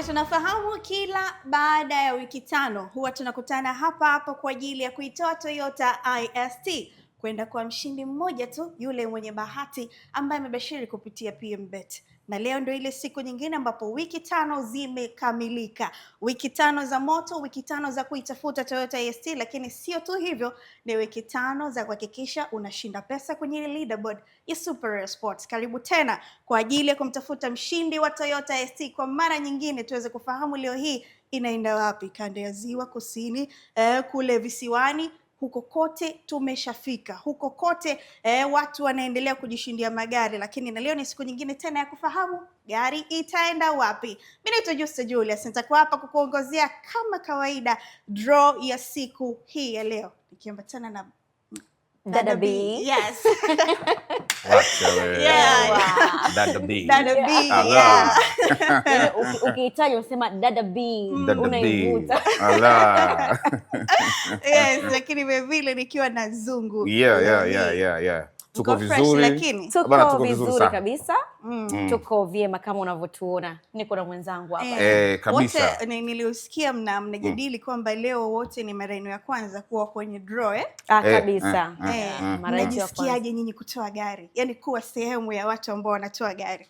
Wote tunafahamu kila baada ya wiki tano huwa tunakutana hapa hapa kwa ajili ya kuitoa Toyota IST kwenda kwa mshindi mmoja tu, yule mwenye bahati ambaye amebashiri kupitia PMBet na leo ndio ile siku nyingine ambapo wiki tano zimekamilika, wiki tano za moto, wiki tano za kuitafuta Toyota AST. Lakini sio tu hivyo, ni wiki tano za kuhakikisha unashinda pesa kwenye leaderboard ya Super Sports. Karibu tena kwa ajili ya kumtafuta mshindi wa Toyota st kwa mara nyingine, tuweze kufahamu leo hii inaenda wapi? Kanda ya Ziwa Kusini eh, kule visiwani huko kote tumeshafika, huko kote eh, watu wanaendelea kujishindia magari, lakini na leo ni siku nyingine tena ya kufahamu gari itaenda wapi. Mimi naitwa Just Julius, nitakuwa hapa kukuongozea kama kawaida draw ya siku hii ya leo, nikiambatana na Dada bee. Yes. Dada B. ukihitaji Yes, lakini vilevile nikiwa na zungu. yeah, yeah, yeah, yeah, yeah tuko vizuri, lakini tuko vizuri kabisa, mm. Mm. tuko vyema kama unavyotuona. Niko na mwenzangu hapa eh, eh kabisa. Wote niliusikia mna mnajadili mm. kwamba leo wote ni mara ya kwanza kuwa kwenye draw eh? Ah, eh, kabisa. Eh, mara ya kwanza nyinyi kutoa gari, yani kuwa sehemu ya watu ambao wanatoa gari.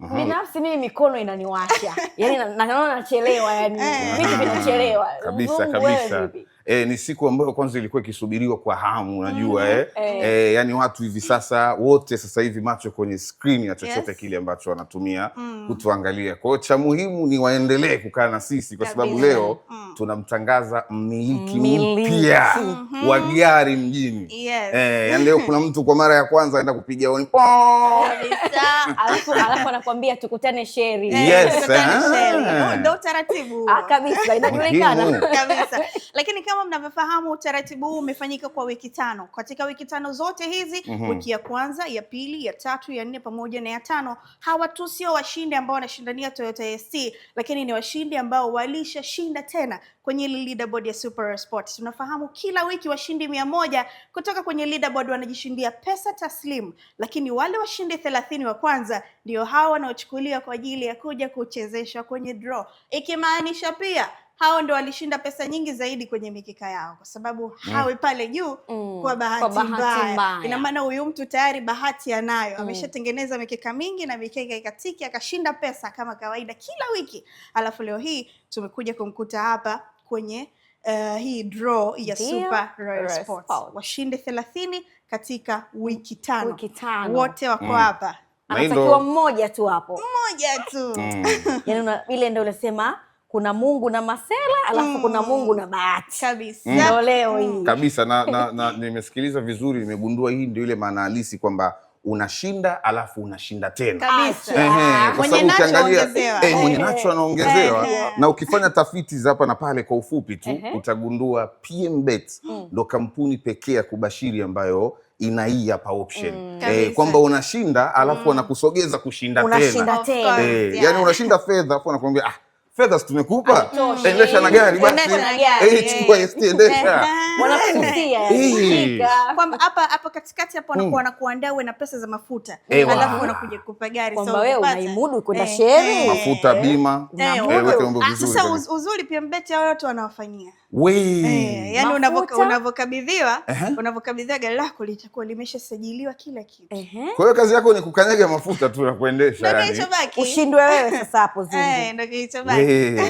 Mhm. Binafsi mimi mikono inaniwasha, yani, naona nachelewa, yani vitu vinachelewa kabisa kabisa eh, ni siku ambayo kwanza ilikuwa ikisubiriwa kwa hamu unajua mm, eh. Eh. Eh, yani watu hivi sasa wote sasa hivi macho kwenye skrini ya chochote yes, kile ambacho wanatumia mm, kutuangalia. Kwa hiyo cha muhimu ni waendelee kukaa na sisi kwa sababu leo mm, tunamtangaza mmiliki mpya mm-hmm. wa gari mjini yes. Eh, yani leo kuna mtu kwa mara ya kwanza aenda kupiga honi oh! anakuambia tukutane sheri. Yes, eh. ah. ndio utaratibu ah, kabisa, inajulikana kabisa, lakini kama mnavyofahamu, utaratibu huu umefanyika kwa wiki tano. Katika wiki tano zote hizi mm -hmm. wiki ya kwanza, ya pili, ya tatu, ya nne pamoja na ya tano, hawa tu sio washindi ambao wanashindania Toyota SC, lakini ni washindi ambao walishashinda tena kwenye ile leaderboard ya Super Sport. Tunafahamu kila wiki washindi mia moja kutoka kwenye leaderboard wanajishindia pesa taslimu, lakini wale washindi thelathini wa kwanza ndio hawa wanaochukuliwa kwa ajili ya kuja kuchezeshwa kwenye draw, ikimaanisha pia hao ndo walishinda pesa nyingi zaidi kwenye mikika yao, kwa sababu mm. hawe pale juu mm. kwa bahati mbaya, ina maana huyu mtu tayari bahati anayo mm. ameshatengeneza mikika mingi na mikeka ikatiki, akashinda pesa kama kawaida kila wiki, alafu leo hii tumekuja kumkuta hapa kwenye Uh, hii draw ya Deal Super Royal Sports washinde thelathini katika wiki tano, wiki tano. Wote wako mm. hapa mm. anatakiwa mmoja tu hapo, mmoja tu mm. yani ile ndio unasema kuna Mungu na masela alafu kuna mm. Mungu na bahati kabisa. Mm. Ndio leo hii kabisa na, na, na nimesikiliza vizuri, nimegundua hii ndio ile maana halisi kwamba unashinda alafu unashinda tena kwa sababu eh, mwenye eh. nacho anaongezewa, eh. na ukifanya tafiti za hapa na pale kwa ufupi tu Ehe. utagundua PMBet mm. ndo mm. kampuni pekee ya kubashiri ambayo ina hii hapa option mm. eh, kwamba unashinda alafu mm. wanakusogeza mm. kushinda unashinda tena, tena. Yaani yeah. Yani unashinda fedha alafu wanakuambia ah, fedha tumekupa, ah, endesha na gari basi, eh, chukua eh. kwamba hapa hapa katikati hapo wanakuwa hmm. wanakuandaa uwe na pesa za mafuta, eh, alafu wanakuja kukupa gari kwamba wewe unaimudu kwenda sherehe, mafuta, bima. Ah, sasa uzuri pia mbete hao wote wanawafanyia E, yani unavyokabidhiwa unavyokabidhiwa gari lako litakuwa limeshasajiliwa kila kitu Kwa hiyo kazi yako ni kukanyaga mafuta tu na kuendesha yani. Ushindwe wewe sasa hapo eh, ndio kilichobaki.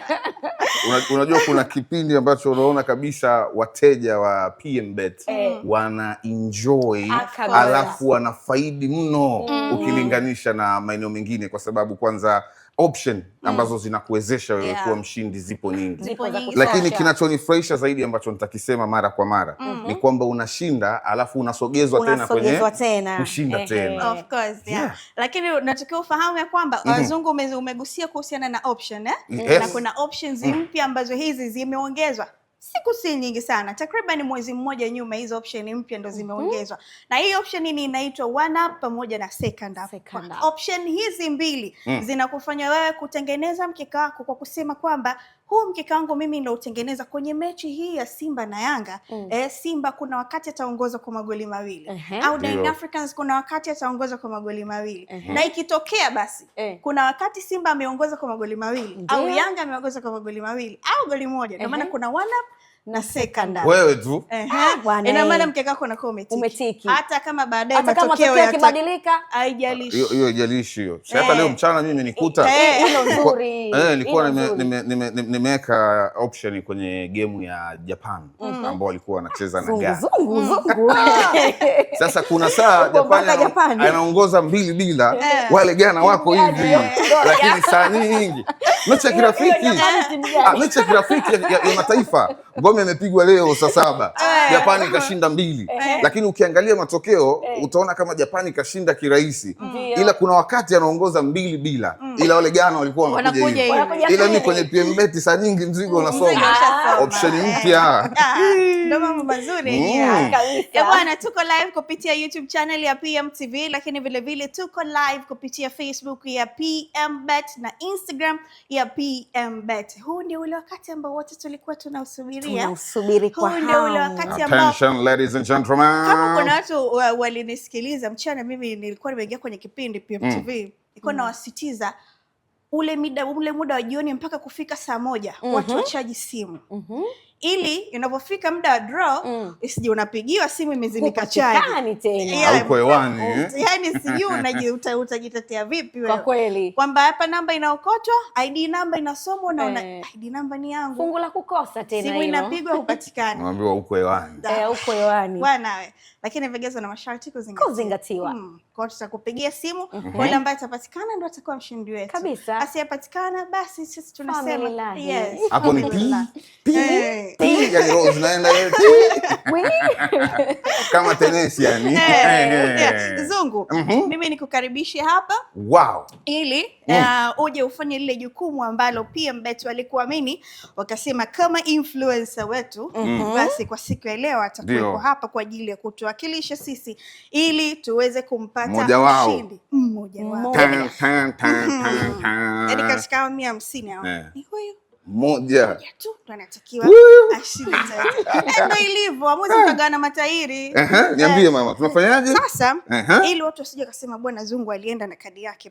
Unajua kuna kipindi ambacho unaona kabisa wateja wa PMBet eh. mm. wana enjoy ah, alafu wanafaidi mno mm. ukilinganisha na maeneo mengine kwa sababu kwanza option mm. ambazo mm. zinakuwezesha wewe yeah. kuwa mshindi zipo nyingi, zipo nyingi. Lakini kinachonifurahisha zaidi ambacho nitakisema mara kwa mara mm -hmm. ni kwamba unashinda alafu unasogezwa tena kwenye mshinda tena, of course yeah. Lakini natakiwa ufahamu ya kwamba mm -hmm. wazungu umegusia kuhusiana na option eh? yes. na kuna options mm. mpya ambazo hizi zimeongezwa siku si nyingi sana, takriban mwezi mmoja nyuma, hizo option mpya ndo mhm. zimeongezwa. mm -hmm. na hii option hii inaitwa one up pamoja na second up. Second up. Option hizi mbili mm. zinakufanya wewe kutengeneza mkeka wako kwa kusema kwamba huu mkeka wangu mimi ndo utengeneza kwenye mechi hii ya Simba na Yanga mm. Eh, Simba kuna wakati ataongoza kwa magoli mawili uh -huh. au Young Africans kuna wakati ataongoza kwa magoli mawili uh -huh. na ikitokea basi uh eh. -huh. kuna wakati Simba ameongoza kwa magoli mawili uh -huh. au Yanga ameongoza kwa magoli mawili au goli moja ndio maana uh -huh. kuna one up na secondary. Wewe tu. Ah, Ina maana eh. mkeka wako unakuwa umetiki. Hata kama baadaye matokeo yakibadilika haijalishi. Hiyo haijalishi hiyo. Hata eh. leo mchana mimi nikuta. Eh, eh, nilikuwa nimeweka option kwenye game ya Japan mhm. ambao walikuwa wanacheza na mhm. Ghana. Sasa kuna saa Japan anaongoza mbili bila, wale gana wako hivi. Lakini saa nyingi Ah, mechi ya kirafiki, mechi ya kirafiki ya mataifa. Ngome imepigwa leo saa saba, eh. Eh. Japani ikashinda mbili, eh. lakini ukiangalia matokeo utaona kama Japani ikashinda kirahisi, ila kuna wakati anaongoza mbili bila, mm. ila wale Ghana walikuwa wanakuja hivi, ila ni kwenye PMBet saa nyingi mzigo mm. unasoma option mpya ah, ndio mambo mazuri mm. bwana. Tuko live kupitia YouTube channel ya PMTV, lakini vilevile tuko live kupitia Facebook ya PMBet na Instagram ya Bet. Huu ndio ule wakati ambao wote tulikuwa tunausubiria, tunausubiri kwa hamu. Huu ndio ule wakati ambao, attention ladies and gentlemen, kama kuna watu walinisikiliza mchana, mimi nilikuwa nimeingia kwenye kipindi PMTV mm. nilikuwa mm. nawasitiza ule muda ule muda wa jioni mpaka kufika saa moja mm -hmm. watu wachaji simu mm -hmm ili inapofika muda wa draw mm. Sijui unapigiwa simu imezimika chaji tena, eh? yaani sijui utajitetea vipi kwa kweli, kwamba hapa namba inaokotwa, ID namba inasomwa na una, eh. ID namba ni yangu, fungu la kukosa tena, simu inapigwa hupatikani, unaambiwa uko hewani, eh, uko hewani bwana lakini vigezo na masharti kuzingatiwa, kuzingatiwa. Hmm. Kwa tutakupigia simu kwa Yule ambaye atapatikana ndo atakuwa mshindi wetu kabisa, asiyepatikana basi sisi tunasema yes, hapo ah, ni pi pi ya roho zinaenda ile kama tenesi yani zungu. Mimi nikukaribishe hapa wow, ili uh, uje ufanye lile jukumu ambalo pia mbetu alikuamini wakasema kama influencer wetu mm -hmm. basi kwa siku ya leo atakuwa hapa kwa ajili ya kutuwakilisha sisi ili tuweze kumpa mmoja wao mmoja wao, yaani katika mia hamsini hao eh. ni huyu moja tu ndo anatakiwa ashinde eh, ilivyo amwezi eh. matairi. Eh. Niambie mama, tunafanyaje sasa ili watu wasije kasema bwana Zungu alienda na kadi yake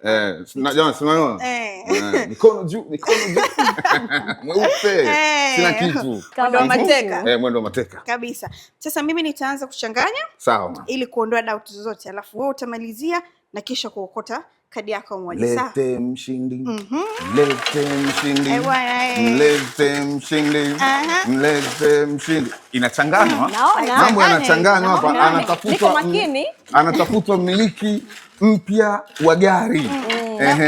mikono juu, mikono juu, mweupe, sina kitu, mwendo wa mateka, kabisa. Sasa mimi nitaanza kuchanganya, sawa, ili kuondoa doubt zozote, alafu wewe utamalizia na kisha kuokota kadi yako moja Lete mshindi. Mhm. Lete mshindi. Lete mshindi. Lete mshindi. Inachanganywa. Mambo yaani, yanachanganywa hapa, anatafutwa mmiliki mpya wa gari mm, mm.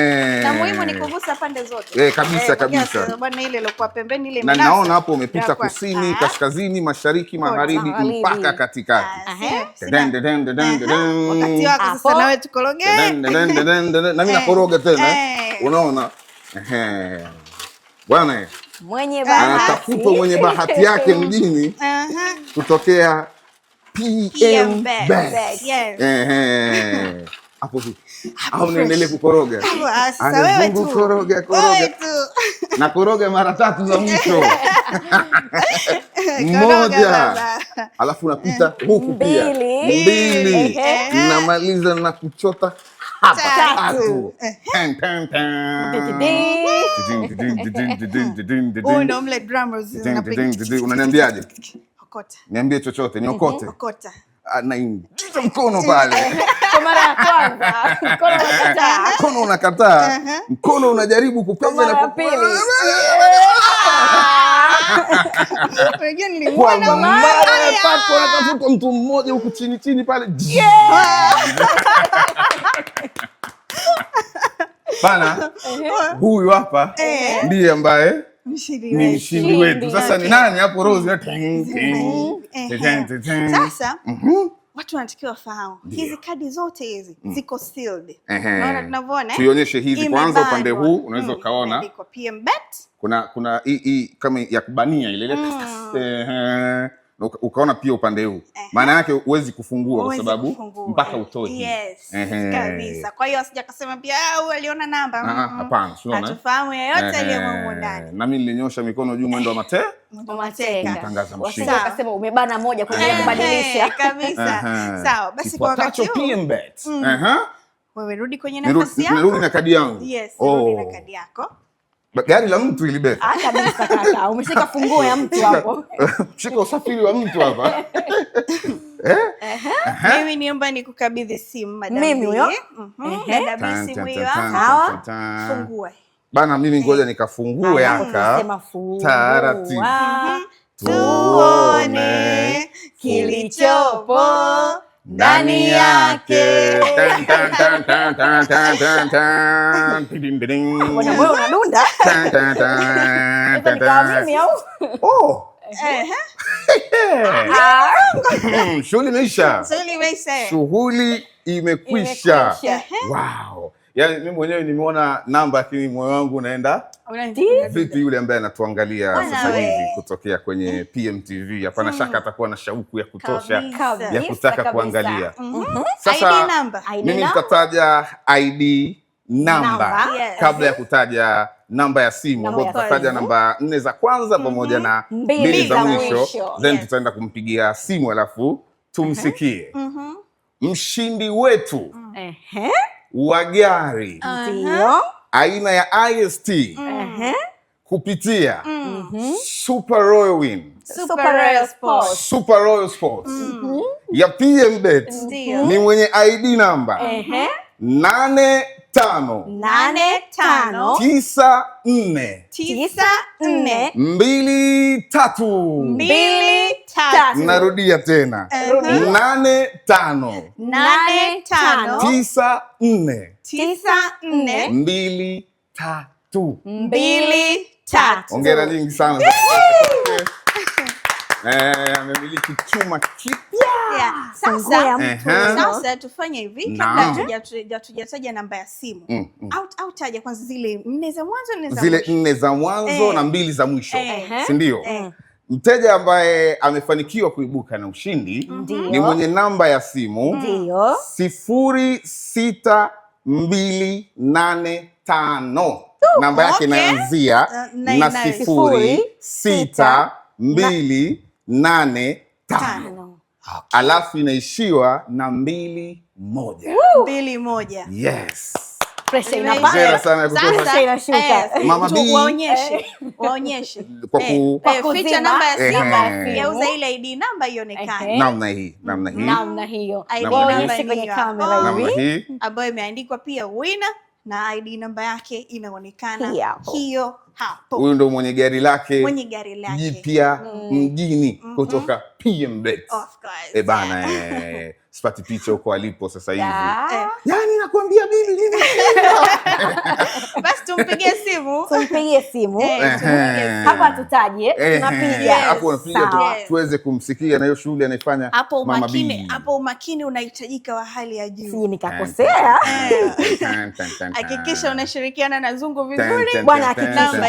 na, muhimu ni kugusa pande zote eh, kabisa eh, kabisa bwana, ile iliyokuwa pembeni ile, na naona hapo umepita kusini, kaskazini, mashariki, magharibi mpaka katikati. Ah, Wakati sasa, na mimi eh. nakoroga tena, eh. unaona bwana anatafuta mwenye bahati yake mjini kutokea PM Best hapo vipi? Au niendelee kukoroga? Ah, sasa wewe tu koroga, koroga na koroga mara tatu za mwisho moja, alafu unapita huku pia mbili, namaliza na kuchota hapa Unaniambiaje? Niambie chochote, niokote anaingiza mkono pale kwa mara ya kwanza, mkono unakataa, mkono unajaribu kupenya na kupili anatafuta mtu mmoja huku chini chini pale pana uh-huh. huyu hapa eh. ndiye ambaye ni mshindi wetu. Sasa ni nani hapo? Rose sasa mhm. watu wanatakiwa wafahamu hizi kadi zote hizi mm. ziko sealed. Unaona tunavyoona, eh? tuionyeshe kwanza, upande huu unaweza mm. ukaona kuna kuna hii kama ya kubania ile mm ukaona pia upande huu maana yake huwezi kufungua kwa sababu mpaka utoe. Yes, kabisa. Kwa hiyo asija kasema pia au ah, aliona namba. Ah, hapana, hatufahamu yeyote aliyemo ndani. Na mimi nilinyosha mikono juu mwendo wa mate umebana moja kwa kubadilisha kabisa. Sawa, basi kwa wakati huu mm. wewe rudi kwenye nafasi yako. na kadi yangu. Yes, rudi na oh. kadi yako. Gari la mtu ilibeba kabisa. Kaka, umeshika funguo ya mtu hapo, shika usafiri wa mtu hapa. Eh? Eh? Mimi niomba nikukabidhi simu madam. Mimi huyo Mhm. dada simu hiyo hawa fungue bana. Mimi eh. ngoja nikafungue aka taratibu, mhm. tuone kilichopo ndani yake. shughuli imeisha, shughuli imekwisha. Wow. Yaani mimi mwenyewe nimeona namba lakini moyo wangu unaenda vipi yule ambaye anatuangalia sasa hivi kutokea kwenye PMTV. Hapana hmm. shaka atakuwa na shauku ya kutosha kabisa, ya kutaka kuangalia. Mhm. Mhm. Sasa mimi nitataja ID namba kabla ya kutaja namba ya simu ambayo tutataja namba nne za kwanza pamoja mhm. na mbili za mwisho, then tutaenda kumpigia simu alafu tumsikie mshindi wetu wa gari uh-huh. aina ya ist uh-huh. kupitia uh-huh. Super Royal Win, Super Royal Sports, Super Royal Sports mhm. ya PMBet ni mwenye ID namba nane tano nane tano tisa nne tisa nne mbili tatu mbili tatu. Narudia tena uh-huh. nane tano nane tano tisa nne tisa nne mbili tatu mbili tatu. Ongera nyingi sana. Eh, amemiliki chuma kipya. Sasa, sasa tufanye hivi kabla hatujataja namba ya simu mm, mm. Au taja kwanza zile nne za mwanzo nne za zile nne za mwanzo eh, na mbili za mwisho eh, si ndio? Eh. Mm. Mteja ambaye amefanikiwa kuibuka na ushindi mm-hmm. ni mwenye namba ya simu ndio sifuri sita mbili nane tano namba yake inaanzia eh, na sifuri sita mbili nane tano okay. Alafu inaishiwa na mbili moja, mbili moja. Yes. Namna hiyo waonyeshe kwenye kamera oh. ambayo imeandikwa pia wina na ID namba yake inaonekana hiyo huyu ndo mwenye gari lake mwenye gari lake jipya mm. mjini mm. kutoka PM Bet e bana e, sipati picha huko alipo sasa hivi yeah. Yani nakuambia bibi basi tumpigie simu tumpigie simu eh, hapa, tutaje tunapiga hapo, unapiga tuweze kumsikia na hiyo shughuli anaifanya hapo. Umakini hapo, umakini unahitajika wa hali ya juu, si nikakosea. Hakikisha unashirikiana na Zungu vizuri bwana, hakikisha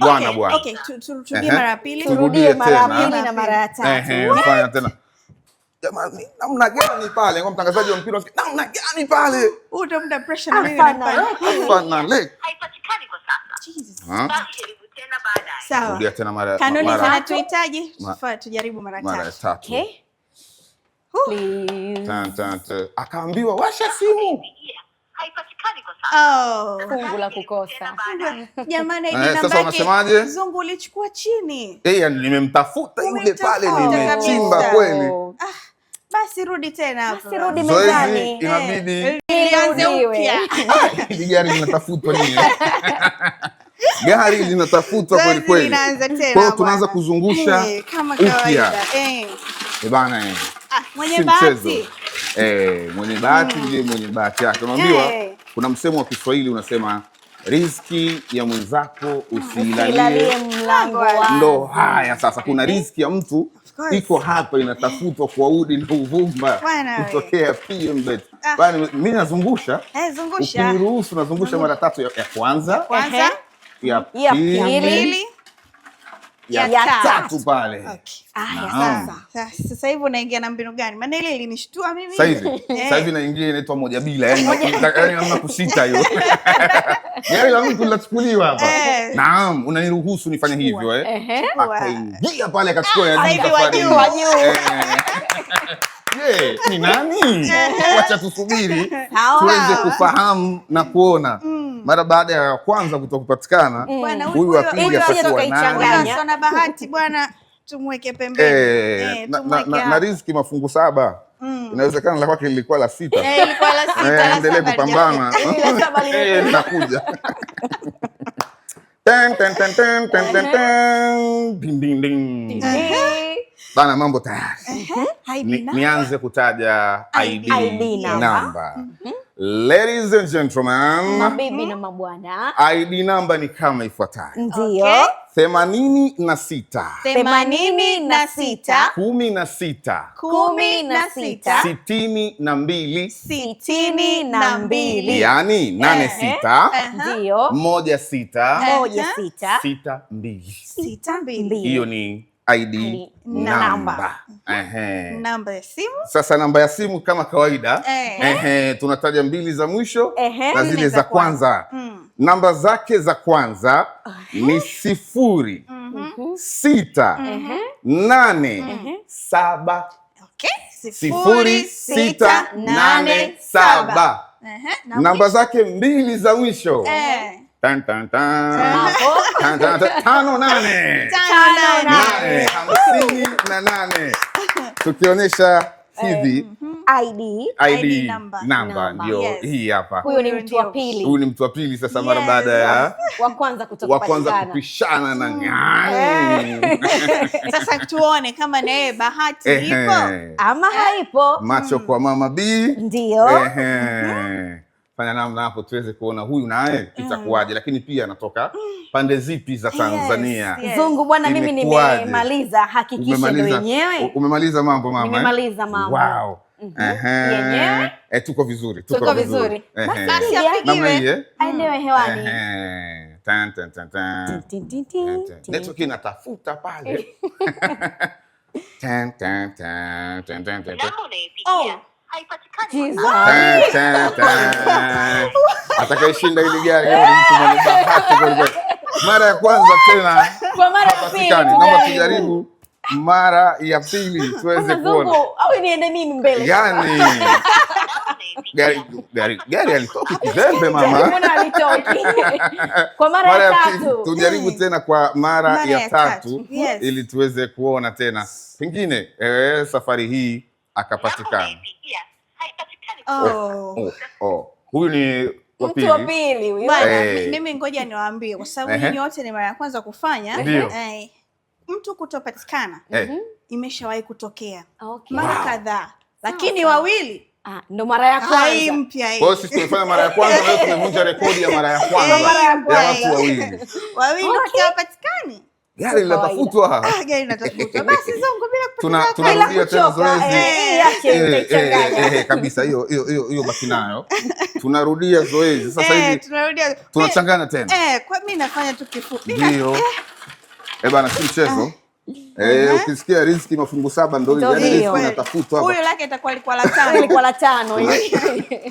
Bwana bwana. Okay, turudie mara pili, turudie mara pili na mara ya tatu. Ehe, fanya tena. Jamani, namna gani pale kwa mtangazaji wa mpira, namna gani pale? Uta mda pressure na mimi na pale. Haipatikani kwa sasa. Jesus. Tena baadaye. Sawa. Tena mara. Kanuni zinatuhitaji tujaribu mara tatu. Mara tatu. Okay. Please. Akaambiwa washa simu haipatikani kwa sasa. Oh. Fungu la kukosa. Jamani, eh, sasa unasemaje? Zungu ulichukua chini. Eh, nimemtafuta yule pale nimechimba kweli. Ah, basi rudi tena hapo. Inabidi eh, gari linatafutwa nini? Gari linatafutwa kweli kweli. Kwa hiyo tunaanza kuzungusha eh, kama kawaida. Eh. Bana eh. Ah, mwenye bahati. Eh, mwenye bahati ndiye mm. mwenye bahati yake. Unaambiwa hey. Eh. Kuna msemo wa Kiswahili unasema riziki ya mwenzako usiilalie mlango. Ndo haya sasa, kuna eh. riziki ya mtu iko hapa inatafutwa kwa udi na uvumba kutokea PMbet. Ah. Mimi nazungusha, eh, ukiniruhusu nazungusha mara tatu, ya kwanza, ya pili ya tatu pale. Sasa hivi unaingia na mbinu gani? Maana ile ilinishtua mimi. Sasa hivi eh. naingia inaitwa moja bila, yani namna yaani kusita hiyo. Gari yaani la mtu linachukuliwa hapa. Eh. Naam, unaniruhusu nifanye hivyo eh? Akaingia pale akachukua ah, yaani ya juu. Je, ni nani? Wacha tusubiri tuweze kufahamu na kuona mm. mara baada ya kwanza kuto kupatikana, mm. huyu wa pili atakuwa nani? Sana bahati bwana, tumweke pembeni eh, eh, na riziki mafungu saba mm. inawezekana la kwake lilikuwa la sita. Eh, endelee kupambana nakuja. Bana, mambo tayari. uh -huh. Mhm. Ni, Nianze kutaja ID namba. Mhm. Ladies and gentlemen, mabibi na mabwana, ID namba ni kama ifuatayo. Ndio. Themanini na sita. Themanini na sita. Kumi na sita. Kumi na sita. Sitini na mbili. Sitini na mbili. Yani nane sita. Ndio. Moja sita. Moja sita. Sita mbili. Sita mbili. Hiyo ni ID namba mm-hmm. namba ya simu. Sasa namba ya simu kama kawaida eh. ehe, tunataja mbili za mwisho na zile za kwanza mm. Namba zake za kwanza ni sifuri mm -hmm. sita mm -hmm. nane mm -hmm. saba okay. sifuri sifuri sita nane saba. Namba zake mbili za mwisho ehe tan tan tan tan tan tan na nane tukionyesha hizi ID ID namba ndio hii hapa. Huyu ni mtu wa pili, huyu ni mtu wa pili sasa, mara baada ya wa kwanza kupishana na mm. ngani. Eh. Sasa tuone kama na yeye bahati ipo ama haipo. Macho mm. kwa mama B ndio. Mhm fanya namna hapo tuweze kuona huyu naye mm. itakuwaje, lakini pia anatoka pande zipi za Tanzania? Yes, yes. Zungu bwana, mimi nimemaliza, hakikisha wenyewe umemaliza mambo mama, eh? nimemaliza mambo wow. Mm -hmm. Yenyewe e, tuko vizuri, tuko, tuko vizuri, basi eh? aendewe mm. hewani. Network inatafuta pale haipatikani. Ah. Atakayeshinda gari ni mtu mwenye bahati kweli Mara ya kwanza tena, kwa mara ya pili, naomba tujaribu mara ya pili tuweze kuona au niende mimi mbele yani gari gari gari alitoki kizembe mama. Kwa mara, ya tatu tujaribu tena kwa mara, ya tatu ili tuweze kuona tena pengine eh, safari hii akapatikana. Oh. oh. Oh. Oh. Huyu ni mtu wa pili huyu. Mimi ngoja niwaambie kwa sababu nyinyi wote ni mara ya kwanza kufanya hey. Mtu kutopatikana hey. Mhm. Imeshawahi kutokea okay. Mara wow. Kadhaa lakini so, wawili Ah, ndo mara ya kwanza. Mpya hii. Kwa hiyo sisi tulifanya mara ya kwanza, leo tumevunja rekodi ya mara ya kwanza. Mara ya kwanza. Wawili wakiwa wapatikani. Ah, gari linatafutwa, gari linatafutwa. Basi Zongo, bila tunarudia tena zoezi eh, eh, eh, kabisa, hiyo hiyo hiyo, hiyo, baki nayo, tunarudia zoezi sasa hivi, tunarudia tunachangana tena. Eh, kwa Mimi nafanya tu kifupi, ndio eh bana, si mchezo. Ah. Eh, mhm. ukisikia riziki mafungu saba ndio ile riziki inatafutwa. Huyo lake itakuwa liko la tano, liko la tano. hii.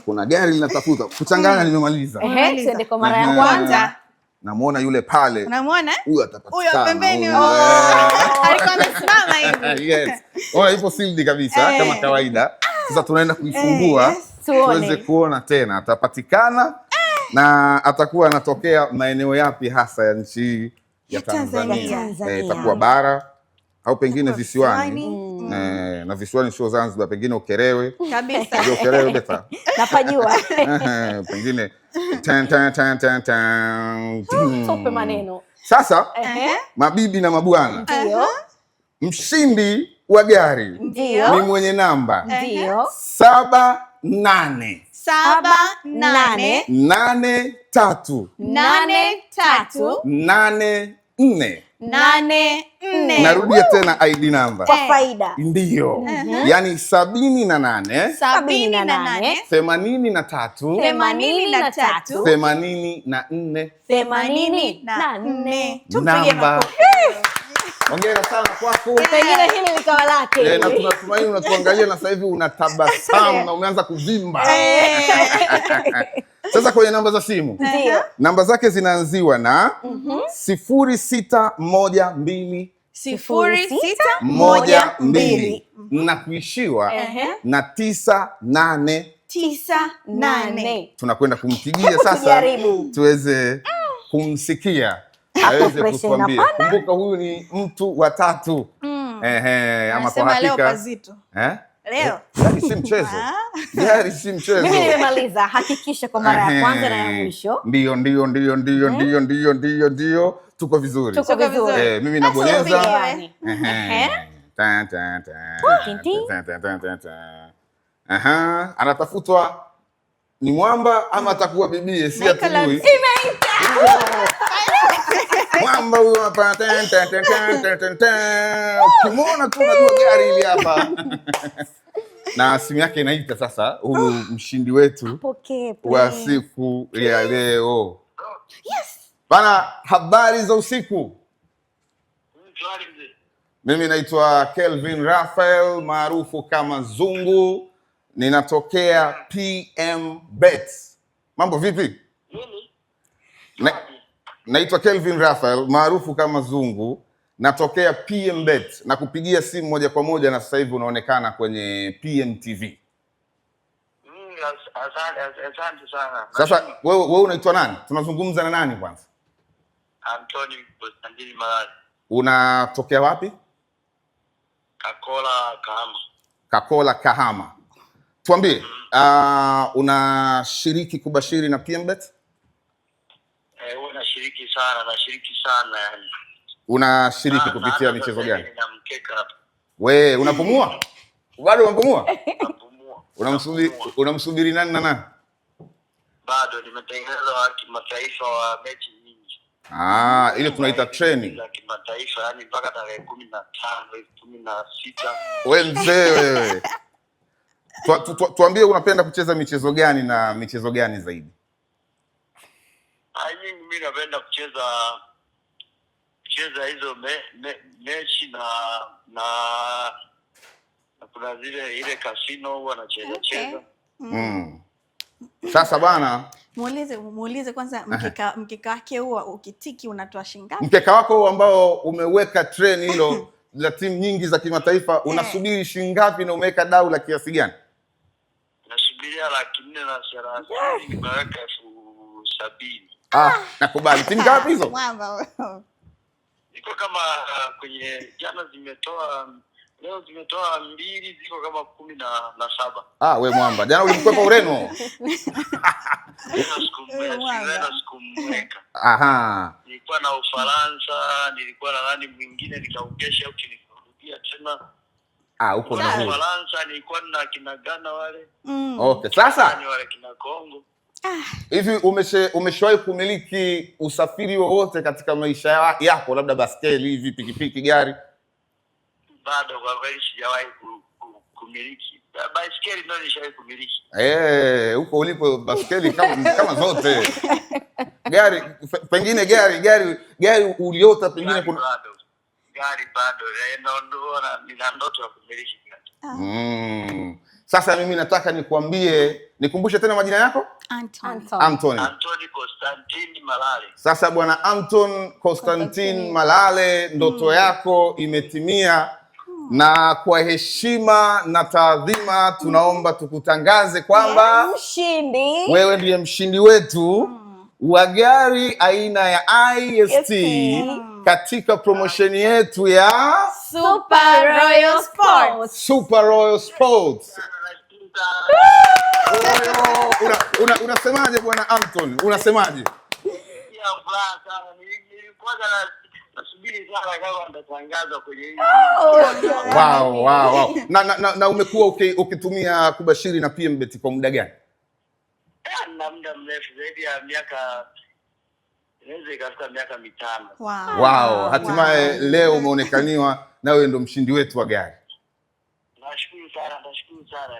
Kuna gari linatafutwa. Kuchangana mm. nimemaliza. Eh, twende kwa mara ya kwanza namwona yule pale, unamwona huyo atapatikana, pembeni oh, alikuwa amesimama hivi. Yes, ona ipo sealed kabisa eh. Kama kawaida sasa tunaenda eh, kuifungua hey. tuweze kuona tena atapatikana Na atakuwa anatokea maeneo yapi hasa ya nchi hii ya Tanzania? Eh, itakuwa bara au pengine visiwani mm. E, na visiwani sio Zanzibar, pengine Ukerewe kabisa, Ukerewe beta napajua eh, pengine tan tan tan tan tan Tope maneno sasa. uh-huh. Mabibi na mabwana, ndio mshindi wa gari ndio ni mwenye namba ndio saba nane saba nane nane tatu nane tatu nane nne nane nne. Narudia tena ID namba kwa faida, ndiyo mm -hmm. Uh-huh. Yaani sabini na nane sabini na nane themanini na tatu themanini na tatu themanini na nne themanini na nne. namba makofi. Hongera sana kwako. Pengine hili likawa lake. Eh, na tunatumaini unatuangalia na sasa hivi unatabasamu na umeanza kuvimba. Eh. Sasa kwenye namba za simu, Ndio. namba zake zinaanziwa na mhm. sifuri sita moja mbili sifuri sita moja mbili na kuishiwa na tisa nane tisa nane. Tunakwenda kumpigia sasa tuweze kumsikia aweze kutuambia. Kumbuka huyu ni mtu wa tatu mm. Ehe, ama kwa hakika eh? Leo yaani si mchezo ah. yaani si mchezo. Mimi nimemaliza, hakikisha kwa mara ya kwanza na ya mwisho. Ndio, ndio, ndio, ndio, eh? ndio, ndio, ndio, ndio, tuko vizuri, tuko vizuri. Eh, mimi nabonyeza anatafutwa ni mwamba ama atakuwa bibie, si atujui. Imeita mwamba huyo hapa, ukimwona tu unajua gari hili hapa na simu yake inaita sasa. Huyu mshindi wetu wa siku ya leo Bana, habari za usiku. Mimi naitwa Kelvin Raphael maarufu kama Zungu, ninatokea PM Bet. Mambo vipi? Nini? Naitwa Kelvin Raphael maarufu kama Zungu, natokea PMbet na kupigia simu moja kwa moja, na sasa hivi unaonekana kwenye PMTV. Mm, asante sana. Sasa wewe wewe unaitwa nani? Tunazungumza na nani kwanza? Anthony Constantine Malali. Unatokea wapi? Kakola Kahama. Kakola Kahama. Tuambie, mm, -hmm. uh, unashiriki kubashiri na PMbet? Eh, huwa nashiriki sana, nashiriki sana yani. Unashiriki kupitia michezo gani? We unapumua bado, unapumua unamsubiri, nani na nani? Bado nimetengeneza wa kimataifa wa mechi nyingi. Ah, ile tunaita training ya kimataifa yani, mpaka tarehe 15, 16. Wewe mzee wewe, tuambie unapenda kucheza michezo gani na michezo gani zaidi? I think mimi napenda kucheza kucheza hizo me, me, mechi na na na kuna zile ile kasino huwa nacheza okay. Mm. mm. Sasa bwana muulize muulize kwanza mkeka, mkeka wake huo ukitiki unatoa shingapi? Mkeka wako huo ambao umeweka tren hilo la timu nyingi za kimataifa eh. unasubiri shingapi na umeweka dau la kiasi gani? Nasubiria laki nne na thelathini, nimeweka elfu sabini Ah, nakubali. Timu ngapi ah, hizo? Mwamba. Iko kama uh, kwenye jana zimetoa leo zimetoa mbili ziko kama kumi na, na saba. Ah, we mwamba. Jana ulimkwepa Ureno. Aha. Nilikuwa na Ufaransa, nilikuwa na nani mwingine nikaukesha au nikarudia tena. Ah, uko na Ufaransa nilikuwa na kina Ghana wale. Mm. Okay, sasa. Ni wale kina Kongo. Hivi ah, umeshawahi kumiliki usafiri wowote katika maisha yako, labda baskeli hivi, pikipiki, gari? Bado kwa kweli sijawahi kumiliki. Baskeli ndio nishawahi kumiliki. Eh, huko ulipo baskeli kama kama zote. Gari pengine gari gari gari uliota pengine kuna gari bado eh, nina ndoto ya kumiliki gari. Mm. Sasa mimi nataka nikwambie Nikumbushe tena majina yako. Anton. Anton. Anton. Constantine Malale. Sasa bwana Anton Constantine Malale, ndoto hmm. yako imetimia hmm. na kwa heshima na taadhima tunaomba tukutangaze kwamba mshindi, wewe ndiye mshindi wetu mm. wa gari aina ya IST katika promosheni yetu ya Super Royal Sports. Super Royal Sports una, unasemaje bwana Anton, unasemaje? Wow, wow, wow. Na, na, na umekuwa ukitumia kubashiri na PMBet kwa muda gani? Na muda mrefu zaidi ya miaka inaweza ikafika miaka mitano. Wow. Wow. Hatimaye wow. Leo umeonekaniwa na wewe ndo mshindi wetu wa gari. Nashukuru sana, nashukuru sana.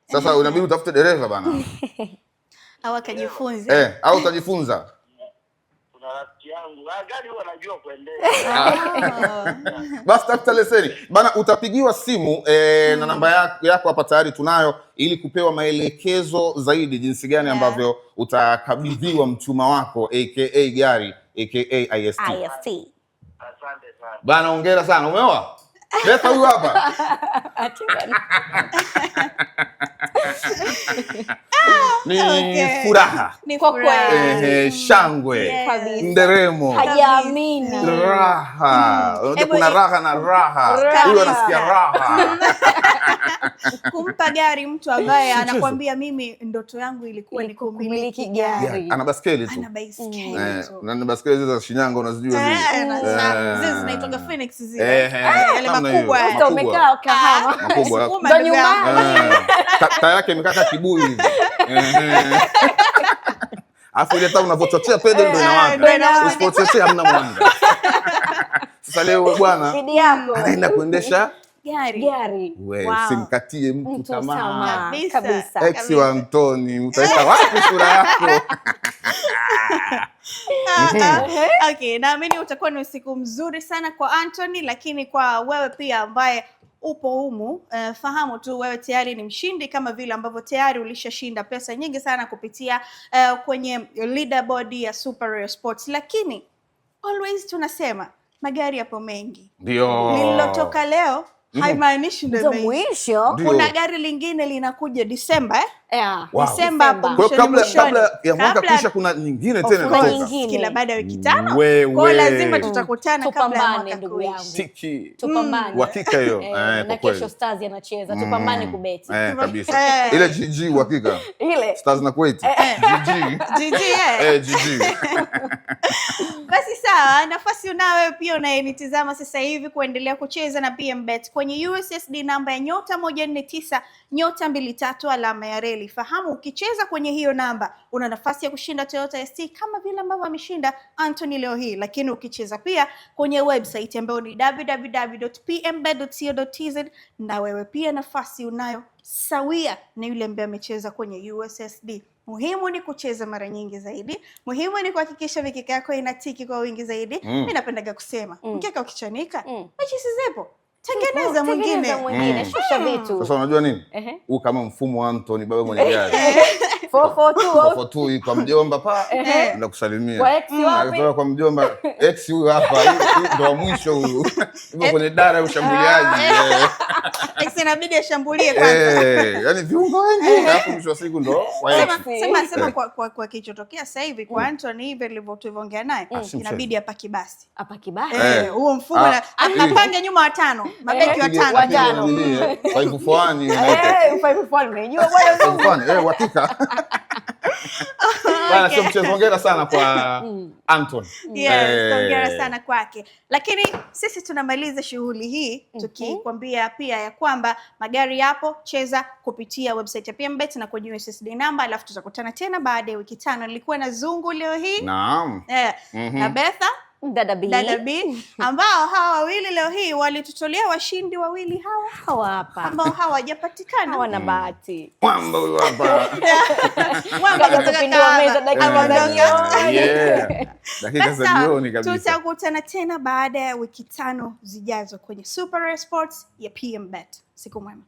Sasa unabidi utafute dereva bana au akajifunze eh, au utajifunza. Kuna rafiki yangu ah, gari huwa ah. basi tafuta leseni bana, utapigiwa simu e, mm. na namba yako hapa tayari tunayo, ili kupewa maelekezo zaidi jinsi gani yeah. ambavyo utakabidhiwa mchuma wako aka gari aka IST. IST. bana, hongera sana, umeoa Leta huyu hapa. Ni Furaha. Ni kwa kweli. Eh, shangwe. Yes. Nderemo. Hajaamini. Raha. Mm. Kuna raha na raha. Huyu anasikia raha. Kumpa gari mtu ambaye anakuambia mimi ndoto yangu ilikuwa ni kumiliki gari. Ana baskeli tu. Ana baskeli eh, tu. Na baskeli za Shinyanga unazijua eh, zile. Eh. Zile zinaitwa Phoenix zile. Eh, eh taa eh, yake imekaa kama kibuyu hivi, alafu ile taa unavyochochea pede eh, ndio inawaka, usipochochea hamna mwanga. Sasa leo bwana anaenda kuendesha gari, gari. Wow. Simkatie mtu tamaa kabisa. Ex wa mtoni utaweka wapi sura yako? Okay, naamini utakuwa ni usiku mzuri sana kwa antony lakini kwa wewe pia ambaye upo humu uh, fahamu tu wewe tayari ni mshindi, kama vile ambavyo tayari ulishashinda pesa nyingi sana kupitia uh, kwenye leaderboard ya Super Royal Sports, lakini always tunasema magari yapo mengi. Ndio lililotoka leo haimaanishi ndio mwisho. Kuna gari lingine linakuja Disemba eh? yeah. wow. Disemba hapo kabla, kabla ya mwaka kuisha, kuna nyingine tena kila baada ya wiki tano. Kwa lazima tutakutana kabla ya mwaka tupambane mm. uhakika hiyo. Eh, eh, na kesho Stars mm. tupambane kubeti eh, kabisa, ile GG uhakika ile Stars na Kuwait basi. Sawa, nafasi unayo pia unayenitizama sasa hivi kuendelea kucheza na PMBet kwenye USSD namba ya nyota moja nne tisa nyota mbili tatu alama ya reli. Fahamu ukicheza kwenye hiyo namba una nafasi ya kushinda Toyota ST kama vile ambavyo ameshinda Anthony leo hii, lakini ukicheza pia kwenye website ambayo ni www.pmbet.co.tz na wewe pia nafasi unayo sawia na yule ambaye amecheza kwenye USSD. Muhimu ni kucheza mara nyingi zaidi. Muhimu ni kuhakikisha mikeka yako inatiki kwa wingi zaidi. Mm. Mi napendaga kusema mm. mkeka ukichanika mm. mechi zipo Tengeneza mwingine, shusha mm. vitu. Sasa unajua nini huu, kama mfumo wa Anthony baba mwenye gari 442 kwa mjomba pa nakusalimia kwa, mm, kwa mjomba ex huyu hapa ndo mwisho huyu ipo kwenye dara ya ushambuliaji ah. eh. ex inabidi ashambulie kwanza, eh, yani viungo wengi, alafu mwisho wa siku ndo sema eh. sema kwa kwa, kwa kilichotokea sasa hivi kwa mm. Anthony hivi ndivyo tulivyoongea naye, ah, inabidi apaki basi apaki basi huo mfumo ah, apange nyuma watano mabeki watano watano, faifu fuani, faifu fuani, unajua bwana, watika Bwana sio mchezo. Hongera sana kwa mm. Anton. Yes, eh. hongera hey, sana kwake. Lakini sisi tunamaliza shughuli hii mm -hmm, pia ya kwamba magari yapo, cheza kupitia website ya PMBet na kwenye USSD namba, alafu tutakutana tena baada ya wiki tano. Nilikuwa na Zungu leo hii. Naam. yeah. mm -hmm. na mhm. Betha Dada B. Dada B ambao hawa wawili leo hii walitutolea washindi wawili hawa hawa hapa ambao hawajapatikana, hawana mm. bahati tutakutana tena baada ya wiki tano zijazo kwenye Super Sports ya PMBet. Siku mwema.